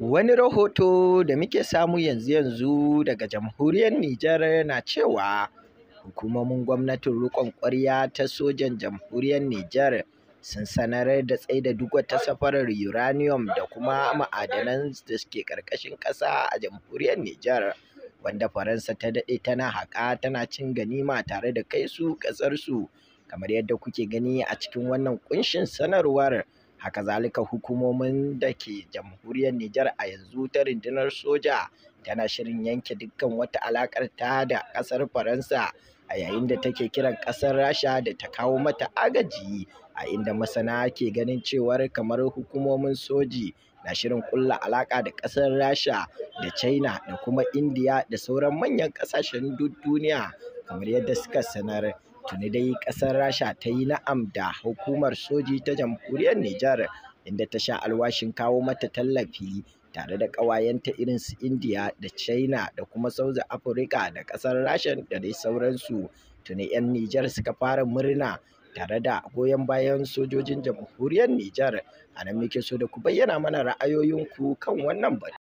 Wani rahoto da muke samu yanzu-yanzu daga jamhuriyar Nijar na cewa hukumomin gwamnatin riƙon ƙwarya ta sojan jamhuriyar Nijar sun sanar da tsaida duk wata safarar uranium da kuma ma'adanan da suke ƙarƙashin ƙasa a jamhuriyar Nijar wanda Faransa ta daɗe tana haƙa tana cin ganima tare da kai su ƙasarsu kamar yadda kuke gani a cikin wannan ƙunshin sanarwar. haka zalika hukumomin da ke jamhuriyar Nijar a yanzu ta rundunar soja tana shirin yanke dukkan wata alakar ta da ƙasar Faransa a yayin da take kiran ƙasar Rasha da ta kawo mata agaji a inda masana ke ganin cewar kamar hukumomin soji na shirin kulla alaka da ƙasar Rasha da China da kuma India da sauran manyan ƙasashen duniya kamar yadda suka sanar tuni dai ƙasar rasha ta yi na'am da hukumar soji ta jamhuriyar nijar inda ta sha alwashin kawo mata tallafi tare da ƙawayenta irin su india da china da kuma south afirka da ƙasar rasha da dai sauransu tuni 'yan nijar suka fara murna tare da goyon bayan sojojin jamhuriyar nijar a nan muke so da ku bayyana mana ra'ayoyinku kan wannan batu